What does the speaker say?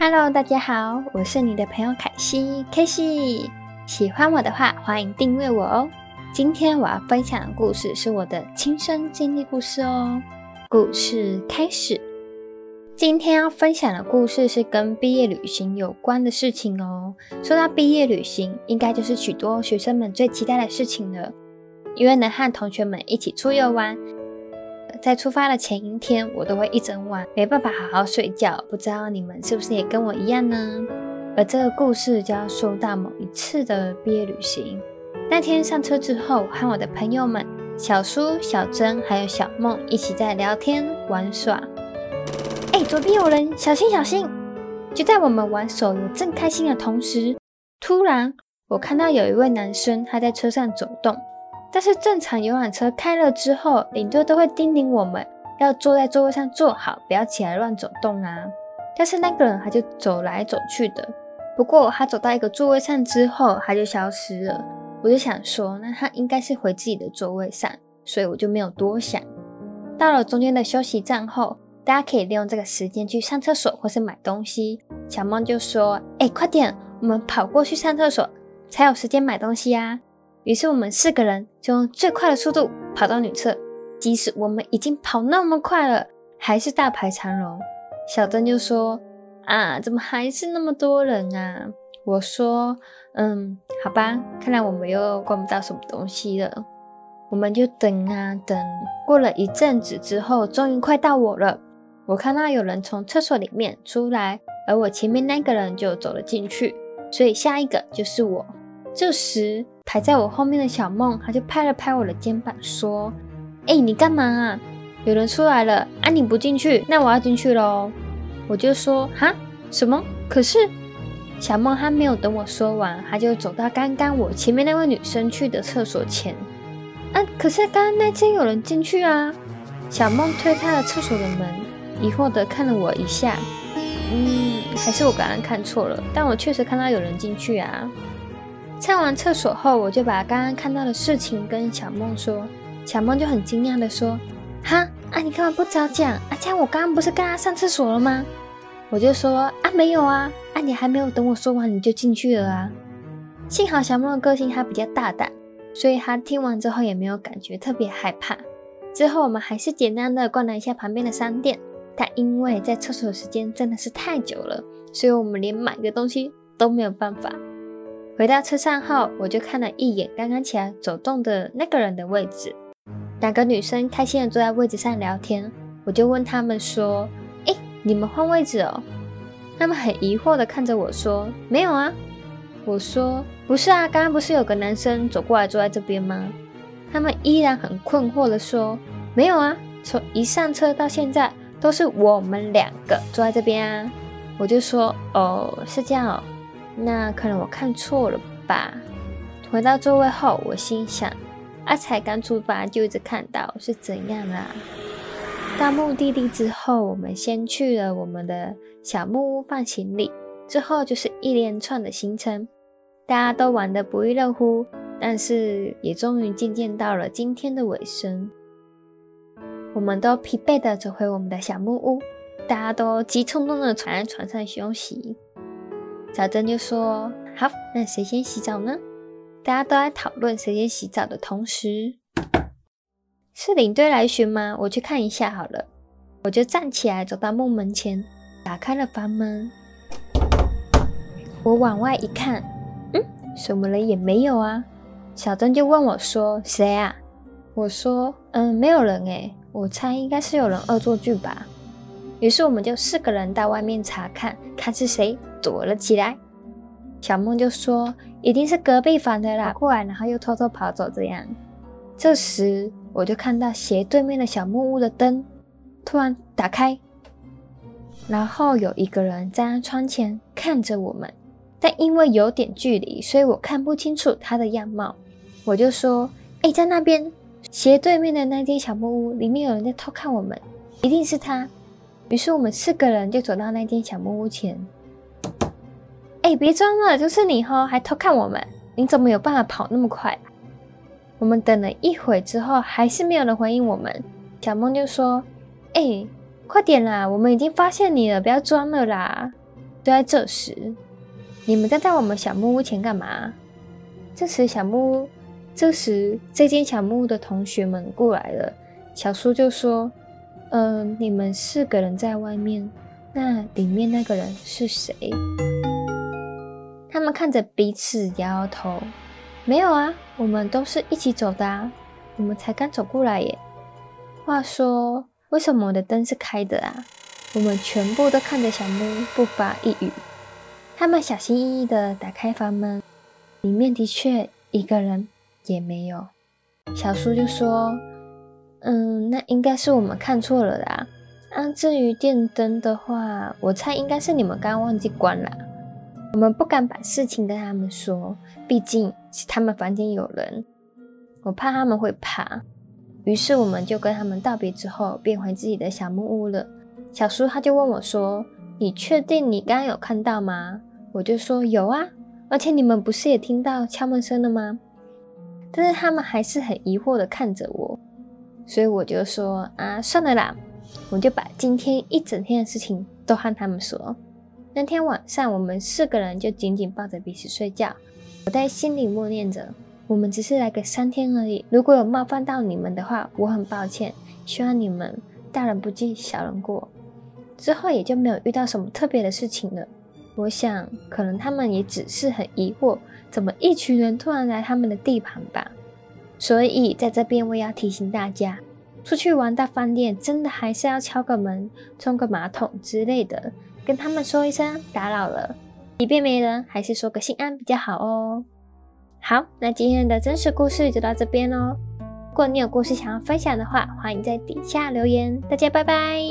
Hello，大家好，我是你的朋友凱西，KC，喜歡我的話，歡迎訂閱我哦。今天我要分享的故事是我的親身經歷故事哦。故事開始，今天要分享的故事是跟畢業旅行有關的事情哦。說到畢業旅行，應該就是許多學生們最期待的事情了，因為能和同學們一起出遊玩。在出發的前一天，我都會一整晚沒辦法好好睡覺，不知道你們是不是也跟我一樣呢？而這個故事就要說到某一次的畢業旅行。那天上車之後，我和我的朋友們小蘇、小珍還有小夢一起在聊天玩耍。哎、欸，左邊有人，小心小心！就在我們玩手遊正開心的同時，突然我看到有一位男生他在車上走動。但是正常遊覽車開了之後，領隊都會叮嚀我們要坐在座位上坐好，不要起來亂走動啊。但是那個人他就走來走去的。不過他走到一個座位上之後，他就消失了。我就想說，那他應該是回自己的座位上，所以我就沒有多想。到了中間的休息站後，大家可以利用這個時間去上廁所或是買東西。小夢就說：“哎，快點，我們跑過去上廁所，才有時間買東西啊。”於是我們四個人就用最快的速度跑到女廁，即使我們已經跑那麼快了，還是大排長龍。小珍就說：“啊，怎麼還是那麼多人啊？”我說：“嗯，好吧，看來我們又逛不到什麼東西了。”我們就等啊等，過了一陣子之後，終於快到我了。我看到有人從廁所裡面出來，而我前面那個人就走了進去，所以下一個就是我。這時，排在我後面的小夢，她就拍了拍我的肩膀，說：“哎、欸，你幹嘛啊？有人出來了，啊，你不進去，那我要進去嘍。”我就說：“哈，什麼？可是小夢，還沒有等我說完，她就走到剛剛我前面那位女生去的廁所前。啊，可是剛剛那間有人進去啊。”小夢推開了廁所的門，疑惑地看了我一下。嗯，還是我剛剛看錯了，但我確實看到有人進去啊。上完廁所後，我就把剛剛看到的事情跟小夢說，小夢就很驚訝的說：“哈啊，你幹嘛不早講？啊，這樣我剛剛不是跟他上廁所了嗎？”我就說：“啊，沒有啊，啊，你還沒有等我說完你就進去了啊。”幸好小夢的個性還比較大膽，所以他聽完之後也沒有感覺特別害怕。之後我們還是簡單的逛了一下旁邊的商店，但因為在廁所的時間真的是太久了，所以我們連買個東西都沒有辦法。回到車上後，我就看了一眼剛剛起來走動的那個人的位置。兩個女生開心地坐在位置上聊天，我就問他們說：“欸，你們換位置喔？”他們很疑惑地看着我說：“沒有啊。”我說：“不是啊，剛剛不是有個男生走過來坐在這邊嗎？”他們依然很困惑地說：“沒有啊，從一上車到現在都是我們兩個坐在這邊啊。”我就說：“哦，是這樣喔。”那可能我看錯了吧？回到座位後，我心想：阿才剛出發就一直看到，是怎樣啦、啊？到目的地之後，我們先去了我們的小木屋放行李，之後就是一連串的行程，大家都玩得不亦樂乎。但是也終於漸漸到了今天的尾聲，我們都疲憊地走回我們的小木屋，大家都急匆匆地躺在床上休息。小珍就說：“好，那誰先洗澡呢？”大家都在討論誰先洗澡的同時，是領隊來尋嗎？我去看一下好了。我就站起來走到木門前，打開了房門。我往外一看，嗯，什麼人也沒有啊。小珍就問我說：“誰啊？”我說：“嗯，沒有人哎、欸，我猜應該是有人惡作劇吧。”於是我們就四個人到外面查看，看是誰躲了起來。小夢就說：“一定是隔壁房的啦，過來，然後又偷偷跑走這樣。”這時我就看到斜對面的小木屋的燈突然打開，然後有一個人站在窗前看着我們，但因為有點距離，所以我看不清楚他的樣貌。我就說：“哎，在那邊斜對面的那間小木屋裡面有人在偷看我們，一定是他。”於是我們四個人就走到那間小木屋前。哎、欸，別裝了，就是你吼，還偷看我們。你怎麼有辦法跑那麼快？我們等了一會之後，還是沒有人回應我們。小夢就說：“哎、欸，快點啦，我們已經發現你了，不要裝了啦！”都在這時，你們站在我們小木屋前幹嘛？這時，小木屋，這時這間小木屋的同學們過來了。小叔就說。嗯、呃，你們四個人在外面，那裡面那個人是誰？他們看着彼此搖搖頭，沒有啊，我們都是一起走的啊，我們才剛走過來耶。話說，為什麼我的燈是開的啊？我們全部都看着小木，不發一語。他們小心翼翼地打開房門，裡面的確一個人也沒有。小叔就說，嗯，那應該是我們看錯了啦。啊，至於電燈的話，我猜應該是你們剛剛忘記關啦。我們不敢把事情跟他們說，畢竟是他們房間有人，我怕他們會怕。於是我們就跟他們道別之後，便回自己的小木屋了。小叔他就問我說：“你確定你剛剛有看到嗎？”我就說：“有啊，而且你們不是也聽到敲門聲了嗎？”但是他們還是很疑惑的看着我。所以我就說啊，算了啦，我就把今天一整天的事情都和他們說。那天晚上，我們四個人就緊緊抱着彼此睡覺，我在心裡默念着：我們只是來個三天而已，如果有冒犯到你們的話，我很抱歉。希望你們大人不記小人過。之後也就沒有遇到什麼特別的事情了。我想，可能他們也只是很疑惑，怎麼一群人突然來他們的地盤吧。所以在這邊我也要提醒大家，出去玩到飯店真的還是要敲個門、沖個馬桶之類的，跟他們說一聲打擾了。即便沒人，還是說個“心安”比較好哦。好，那今天的真實故事就到這邊嘍。如果你有故事想要分享的話，歡迎在底下留言。大家拜拜。